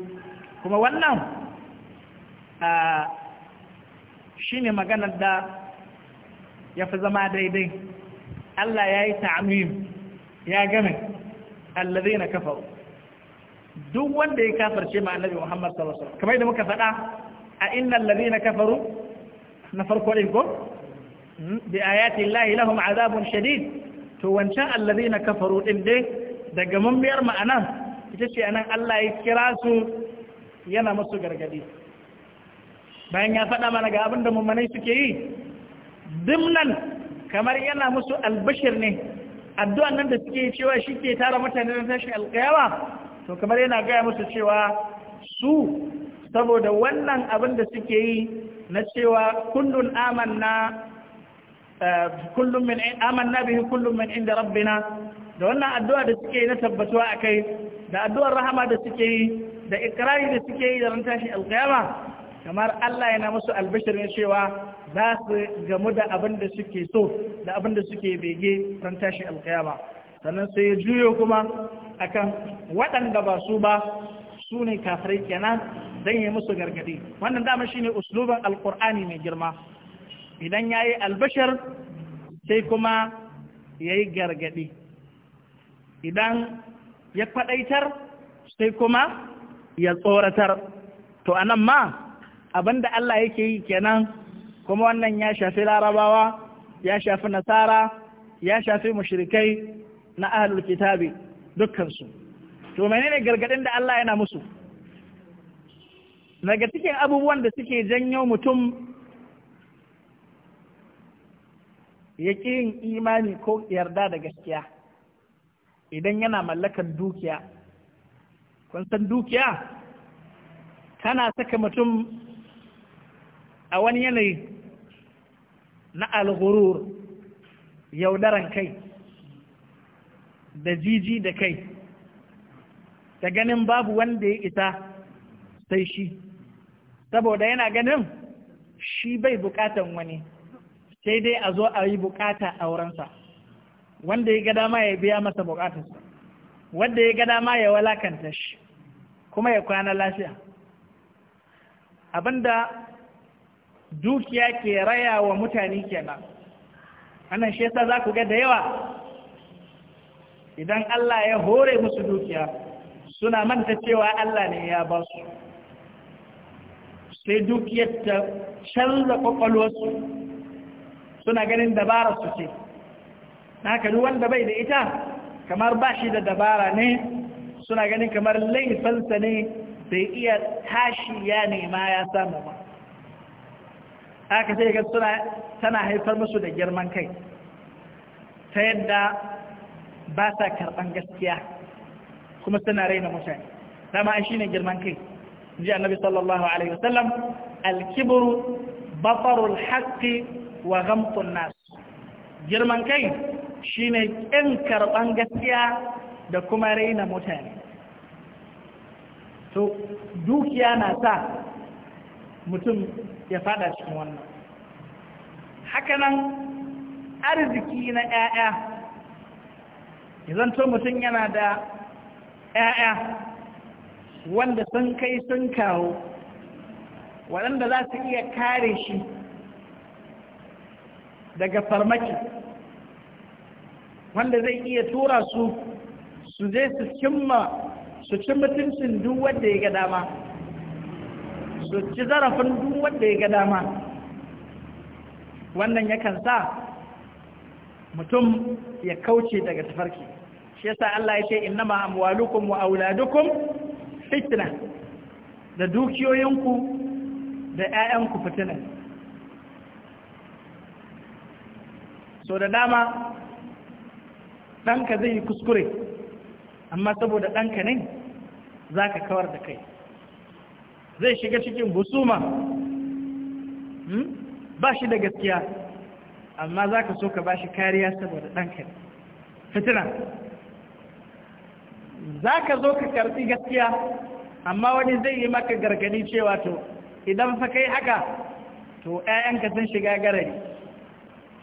kuma wannan shi ne maganar da ya fi zama daidai Allah ya yi ta'amim ya game allazai na kafaru duk wanda ya kafarce ma annabi Muhammad sallallahu alaihi wasallam kamar da muka faɗa a innal ladina kafaru na farko din ko hmm, bi ayati llahi lahum azabun shadid to wancan allazina kafaru din dai daga biyar ma'ana ita ce anan Allah ya kira su yana musu gargadi bayan ya faɗa mana ga abin da mummanai suke yi dimnan kamar yana musu albashir ne addu'an nan da suke cewa shi ke tara mutane na tashi alƙayawa to kamar yana gaya musu cewa su saboda wannan abin da suke yi na cewa amanna eh, kullum min amanna bihi kullum min inda rabbina da wannan addu'a da suke yi na tabbatuwa akai da addu'ar rahama da suke yi da ikrari da suke yi da ran tashi alƙiyama kamar Allah yana musu albishirin cewa za su gamu da abin da suke so da abin da suke bege don tashi alkiyama sannan sai ya juyo kuma akan waɗanda ba su ba su ne kafirai kenan don yi musu gargadi wannan dama shine usluban alkur'ani mai girma idan ya yi albashar sai kuma ya yi gargadi idan ya faɗaitar sai kuma ya tsoratar to anan ma da Allah yake yi kenan kuma wannan ya shafi larabawa ya shafi nasara ya shafi mushrikai na ahlul kitabi dukkansu to menene gargadin da Allah yana musu daga cikin abubuwan da suke janyo mutum ya yin imani ko yarda da gaskiya idan yana mallakan dukiya kun san dukiya tana saka mutum a wani yanayi na alghurur yaudaran kai da jiji da kai ta ganin babu wanda ya ita sai shi saboda yana ganin shi bai bukatan wani sai dai a zo a yi bukata a wurinsa wanda ya ga dama ya biya masa bukatarsa wanda ya ga dama ya walakanta shi kuma ya kwana lafiya abinda dukiya ke raya wa mutane kenan Anan shi yasa za ku ga da yawa idan Allah ya hore musu dukiya suna manta cewa Allah ne ya ba su sai dukiyar ta canza kwakwalwarsu suna ganin dabara su ce Na wanda bai da ita kamar ba shi da dabara ne suna ganin kamar laifansa ne bai iya tashi ya nema ya samu ba haka sai ga tana haifar musu da girman kai ta yadda ba sa karɓan gaskiya kuma suna raina mutane dama shi ne girman kai ji annabi sallallahu alaihi wasallam alkibru batarul haqqi wa ghamtun nas girman kai shine kin karɓan gaskiya da kuma raina mutane to dukiya na sa mutum ya fada cikin wannan hakanan arziki na 'ya'ya zanto mutum yana da 'ya'ya wanda sun kai sun kawo waɗanda za su iya kare shi daga farmaki wanda zai iya tura su su zai su cimma su cimma mutuncin duk wanda ya ga dama su ci zarafin duk wanda ya ga dama wannan yakan sa mutum ya kauce daga tafarki shi yasa Allah ya ce innama amwalukum wa auladukum fitna da dukiyoyinku da ƴaƴanku fitina so da dama ɗanka zai yi kuskure amma saboda ɗanka ne za ka kawar da kai zai shiga cikin husuma hmm? ba shi da gaskiya amma za ka so ka ba shi kariya saboda ɗanka fitina za ka zo ka karɓi gaskiya amma wani zai yi maka gargani cewa to idan fa kai haka to 'ya'yanka sun shiga garari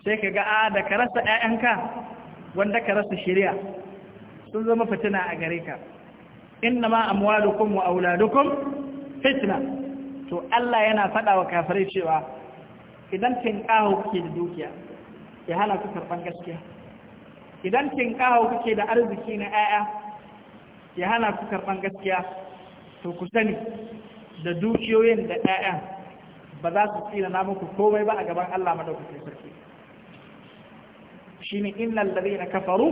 sai ka ga a da ka rasa 'ya'yanka wanda ka rasa shirya sun zama fitina a gare ka inna ma amwalukum wa auladukum fitna to Allah yana faɗa wa kafirai cewa idan tinkaho kuke da dukiya ya hana ku karban gaskiya idan kuke da arziki na 'ya'ya ya hana ku karɓar gaskiya to ku sani da dukiyoyin da 'ya'yan ba za su tsira na muku komai ba a gaban Allah madaukakin sarki shine innal ladina kafaru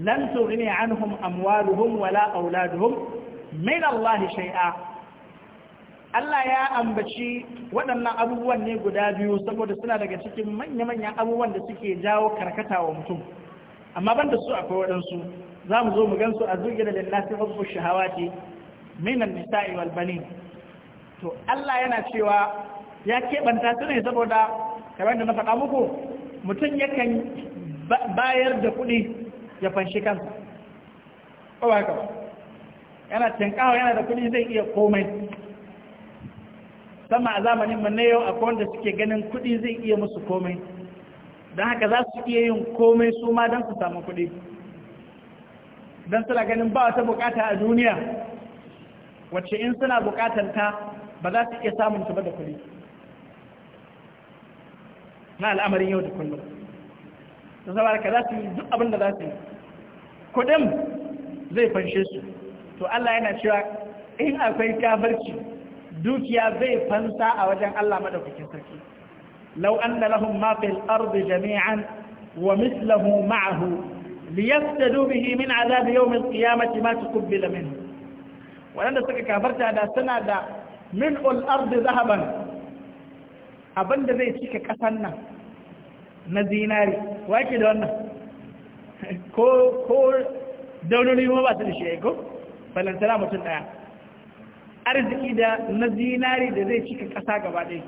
lan tughni anhum amwaluhum wala auladuhum min Allah shay'a Allah ya ambaci waɗannan abubuwan ne guda biyu saboda suna daga cikin manya-manyan abubuwan da suke jawo karkata wa mutum amma ban da su akwai waɗansu za mu zo mu gan su a zuge da lafi hukku shahawati minan nisa'i wal banin to Allah yana cewa ya keɓanta su ne saboda kamar da na faɗa muku mutum yakan bayar da kuɗi ya fanshi kansa ko ba ba yana tinkawa yana da kuɗi zai iya komai sama a zamanin mu na yau akwai wanda suke ganin kuɗi zai iya musu komai don haka za su iya yin komai su ma don su samu kuɗi don suna ganin ba wata bukata a duniya wacce in suna bukatar ta ba za su iya samun ta ba da kuɗi na al'amarin yau da kullum da zama da za su yi duk abin da za su yi kuɗin zai fanshe su to Allah yana cewa in akwai kafirci dukiya zai fansa a wajen Allah madaukakin sarki law anna lahum ma fil ardi jami'an wa mislahu ma'ahu liyaftadu bihi min azab yawm al-qiyamati ma tuqbila minhu wanda suka kafarta da suna da min al-ard zahaban abinda zai cika kasan nan na zinari wake da wannan ko ko daunoni ma ba su da shi ko balantana mutum daya arziki da na zinari da zai cika ƙasa gaba ɗaya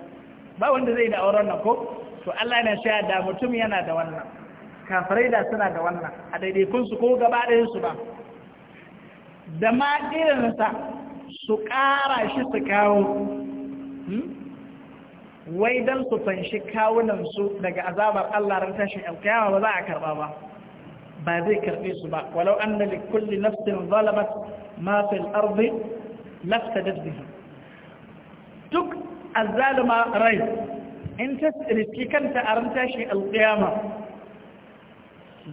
ba wanda zai da auren nan ko to Allah yana sha da mutum yana da wannan kafirai da suna da wannan a daidaikun su ko gaba su ba da ma irinsa su ƙara shi su kawo hmm? wai don su fanshi kawunansu daga azabar Allah ran tashin alkiyama ba za a karba ba ba zai karbe su ba walau an li kulli nafsin zalamat ma fil ardi lafsadat bihi duk azzalima rai in ta riski kanta a ran tashi alƙiyama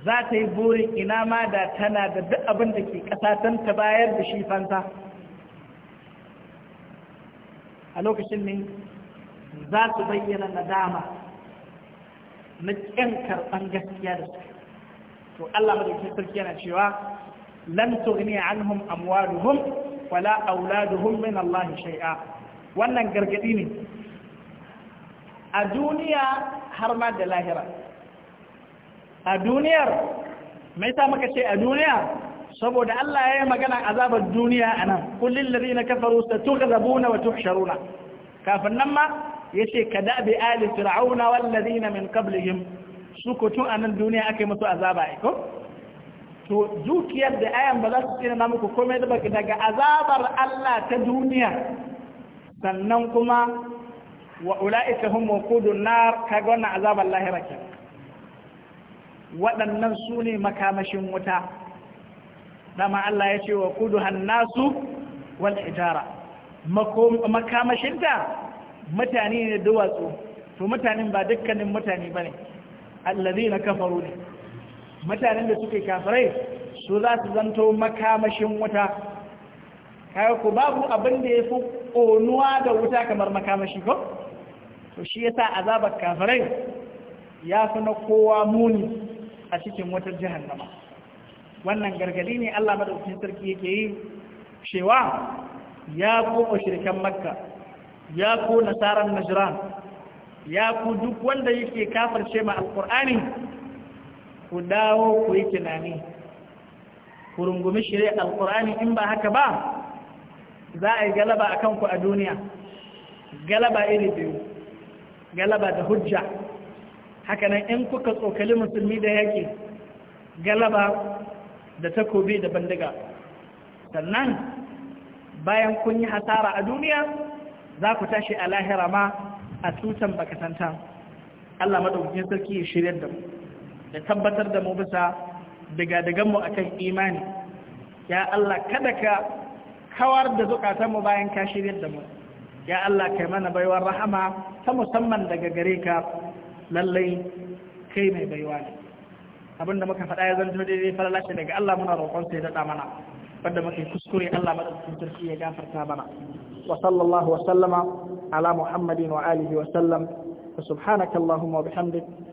za ta yi burin ina ma da tana da duk abin da ke ƙasa ta bayar da shi fanta a lokacin ne za su bayyana nadama na ƙyan karɓar gaskiya da suka to Allah madaukakin sarki yana cewa lam anhum amwaluhum wala auladuhum min Allah shay'a wannan gargadi ne a duniya har ma da lahira a duniyar mai sa muka ce a duniya saboda Allah ya yi magana azabar duniya a nan kullum lalina kafaru ta tuka zabuna wa tuhsharuna kafin nan ma ya ce ka daɓe ali fir'auna wallazina min qablihim su tun a nan duniya aka yi musu azaba eh, ko to dukiyar da ayan ba za su tsina na muku komai da baki daga azabar Allah ta duniya sannan kuma wa ula'ika hum waqudun nar kaga wannan azabar lahira ke waɗannan su ne makamashin wuta dama Allah ya ce wa kudu hannasu wal hijara makamashinta mutane ne duwatsu to mutanen ba dukkanin mutane bane allazina kafaru ne mutanen da suke kafirai su za su zanto makamashin wuta kayo ku babu abin da ya fi ƙonuwa da wuta kamar makamashi ko to shi sa azabar kafirai ya fi na kowa muni a cikin wutar jahannama wannan gargadi ne Allah madaukakin sarki yake yi cewa ya ko mushrikan makka ya ko nasaran najran ya ku duk wanda yake kafirce ma Alƙur'ani? ku dawo ku yi tunani ku rungumi shirya alkur'ani in ba haka ba za a yi galaba a kanku a duniya galaba iri biyu galaba da hujja hakanan in kuka tsokali musulmi da yake galaba da takobi da bandiga sannan bayan kun yi hasara a duniya za ku tashi a lahira ma a tutan bakatanta Allah maɗaukacin sarki ya shirya da mu ya tabbatar da mu bisa daga mu a kan imani ya Allah kada ka kawar da zukatanmu bayan ka shirya da mu ya Allah kai mana baiwar rahama ta musamman daga gare ka lallai kai mai baiwa ne abinda muka faɗa ya zanto daidai falalashi daga Allah muna roƙon sai daɗa mana wanda muke kuskure Allah madaukakin sarki ya gafarta mana wa sallallahu wa sallama ala muhammadin wa alihi wa sallam subhanaka allahumma wa bihamdika